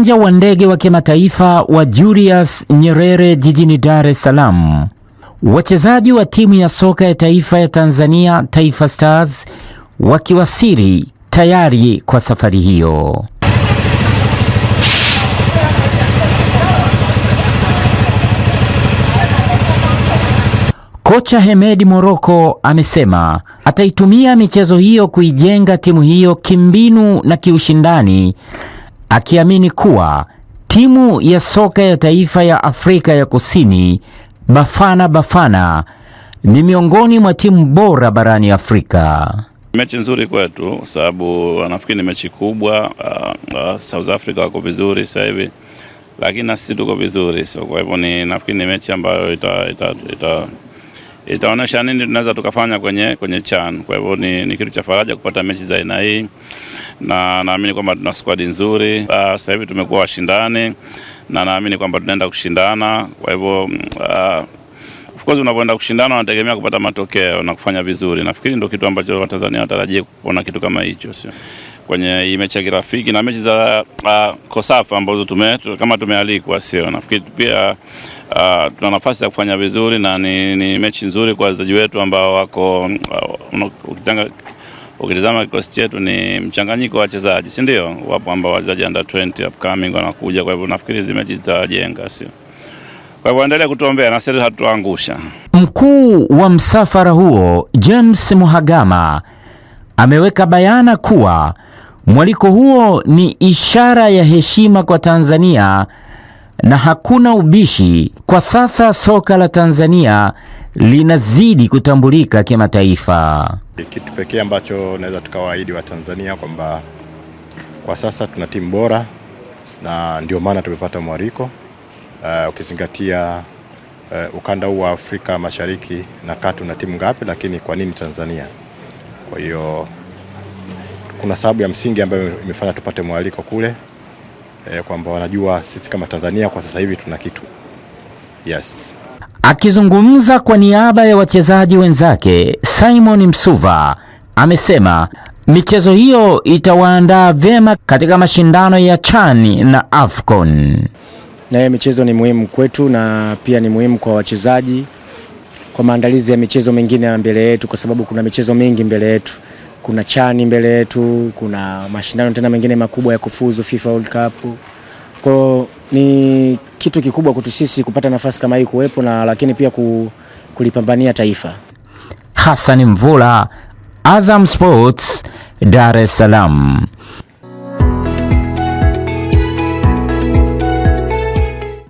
Uwanja wa ndege wa kimataifa wa Julius Nyerere jijini Dar es Salaam, wachezaji wa timu ya soka ya taifa ya Tanzania Taifa Stars wakiwasili tayari kwa safari hiyo. Kocha Hemedi Moroko amesema ataitumia michezo hiyo kuijenga timu hiyo kimbinu na kiushindani akiamini kuwa timu ya soka ya taifa ya Afrika ya Kusini Bafana Bafana ni miongoni mwa timu bora barani Afrika. Mechi nzuri kwetu sababu uh, nafikiri ni mechi kubwa. Uh, uh, South Africa wako vizuri sasa hivi, lakini na sisi tuko vizuri, so kwa hivyo ni nafikiri ni mechi ambayo ita, ita, ita itaonyesha nini tunaweza tukafanya kwenye, kwenye CHAN. Kwa hivyo ni, ni kitu cha faraja kupata mechi za aina hii na naamini kwamba tuna squad nzuri. Ah, sasa hivi tumekuwa washindani na naamini kwamba tunaenda kushindana. Kwa hivyo uh, of course unapoenda kushindana unategemea kupata matokeo na kufanya vizuri. Nafikiri ndio kitu ambacho Watanzania watarajie kuona kitu kama hicho, sio kwenye hii mechi ya kirafiki na mechi za uh, Kosafa ambazo tume, kama tumealikwa, sio nafikiri pia uh, tuna nafasi ya kufanya vizuri na ni, ni mechi nzuri kwa wachezaji wetu ambao wako uh, Ukitizama kikosi chetu ni mchanganyiko wa wachezaji, si ndio? Wapo ambao wachezaji under 20 upcoming wanakuja, kwa hivyo nafikiri zimechi zitawajenga sio? Kwa hivyo endelea kutuombea na sisi hatuangusha. Mkuu wa msafara huo James Muhagama ameweka bayana kuwa mwaliko huo ni ishara ya heshima kwa Tanzania na hakuna ubishi. Kwa sasa soka la Tanzania linazidi kutambulika kimataifa. Kitu pekee ambacho naweza tukawaahidi Watanzania kwamba kwa sasa tuna timu bora na ndio maana tumepata mwaliko uh, ukizingatia uh, ukanda huu wa Afrika Mashariki na kati una timu ngapi, lakini kwa nini Tanzania? Kwa hiyo kuna sababu ya msingi ambayo imefanya tupate mwaliko kule eh, kwamba wanajua sisi kama Tanzania kwa sasa hivi tuna kitu yes. Akizungumza kwa niaba ya wachezaji wenzake, Simon Msuva amesema michezo hiyo itawaandaa vyema katika mashindano ya CHAN na AFCON. Naye michezo ni muhimu kwetu na pia ni muhimu kwa wachezaji kwa maandalizi ya michezo mingine ya mbele yetu, kwa sababu kuna michezo mingi mbele yetu kuna chani mbele yetu, kuna mashindano tena mengine makubwa ya kufuzu FIFA World Cup. Kwa ni kitu kikubwa kwetu sisi kupata nafasi kama hii kuwepo na lakini pia kulipambania taifa. Hassan Mvula, Azam Sports, Dar es Salaam.